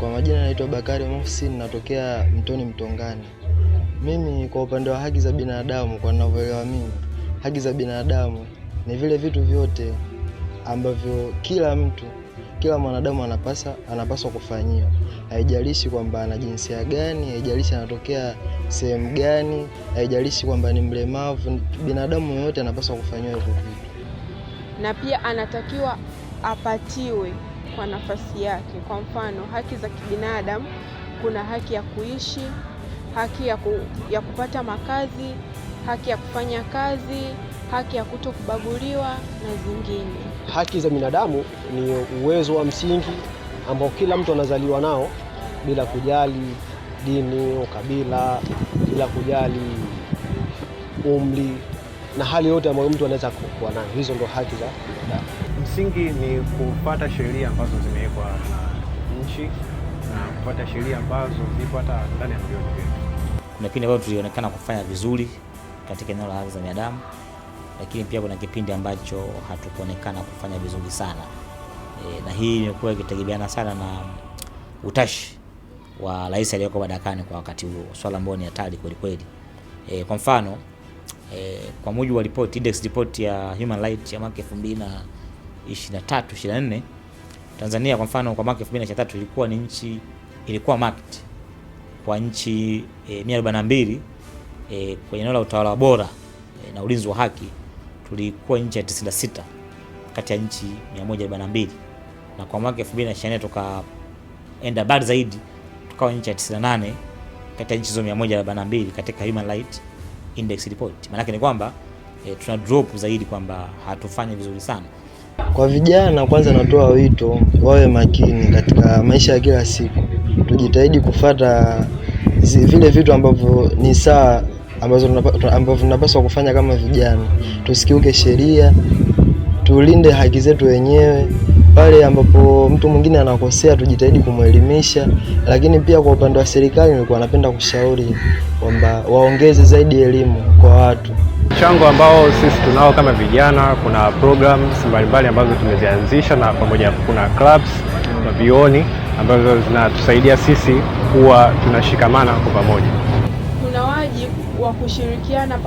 Kwa majina naitwa Bakari Mohsin, natokea Mtoni Mtongani. Mimi kwa upande wa haki za binadamu, kwa ninavyoelewa mimi, haki za binadamu ni vile vitu vyote ambavyo kila mtu, kila mwanadamu anapasa anapaswa kufanyiwa, haijalishi kwamba ana jinsia gani, haijalishi anatokea sehemu gani, haijalishi kwamba ni mlemavu. Binadamu yoyote anapaswa kufanyiwa hivyo vitu, na pia anatakiwa apatiwe kwa nafasi yake. Kwa mfano, haki za kibinadamu, kuna haki ya kuishi, haki ya, ku, ya kupata makazi, haki ya kufanya kazi, haki ya kutokubaguliwa na zingine. Haki za binadamu ni uwezo wa msingi ambao kila mtu anazaliwa nao bila kujali dini, ukabila, bila kujali umri na hali yote ambayo mtu anaweza kuwa nayo. Hizo ndo haki za binadamu. Msingi ni kupata sheria ambazo zimewekwa na nchi na kupata sheria ambazo zipo hata ndani ya milioni yetu. Kuna kipindi ambacho tulionekana kufanya vizuri katika eneo la haki za binadamu, lakini pia kuna kipindi ambacho hatukuonekana kufanya vizuri sana e, na hii imekuwa ikitegemeana sana na utashi wa rais aliyoko madarakani kwa wakati huo, swala ambalo ni hatari kwelikweli E, kwa mfano e, kwa mujibu wa report, index report ya human rights ya mwaka 2023 24 Tanzania kwa mfano kwa mwaka 2023 ilikuwa ni nchi ilikuwa marked kwa nchi e, 142 e, kwenye eneo la utawala bora e, na ulinzi wa haki tulikuwa nchi ya 96 kati ya nchi 142 na kwa mwaka 2024 tukaenda bad zaidi tukawa nchi ya 98 kati ya nchi hizo 142 katika human rights index report. Maanake ni kwamba e, tuna drop zaidi kwamba hatufanyi vizuri sana. Kwa vijana, kwanza natoa wito wawe makini katika maisha ya kila siku, tujitahidi kufata vile vitu ambavyo ni saa ambazo ambavyo tunapaswa kufanya kama vijana, tusikiuke sheria, tulinde haki zetu wenyewe pale ambapo mtu mwingine anakosea tujitahidi kumwelimisha, lakini pia kwa upande wa serikali nilikuwa napenda kushauri kwamba waongeze zaidi elimu kwa watu. Mchango ambao sisi tunao kama vijana, kuna programs mbalimbali ambazo tumezianzisha na pamoja, kuna clubs na vioni ambazo zinatusaidia sisi kuwa tunashikamana kwa pamoja, kuna wajibu wa kushirikiana.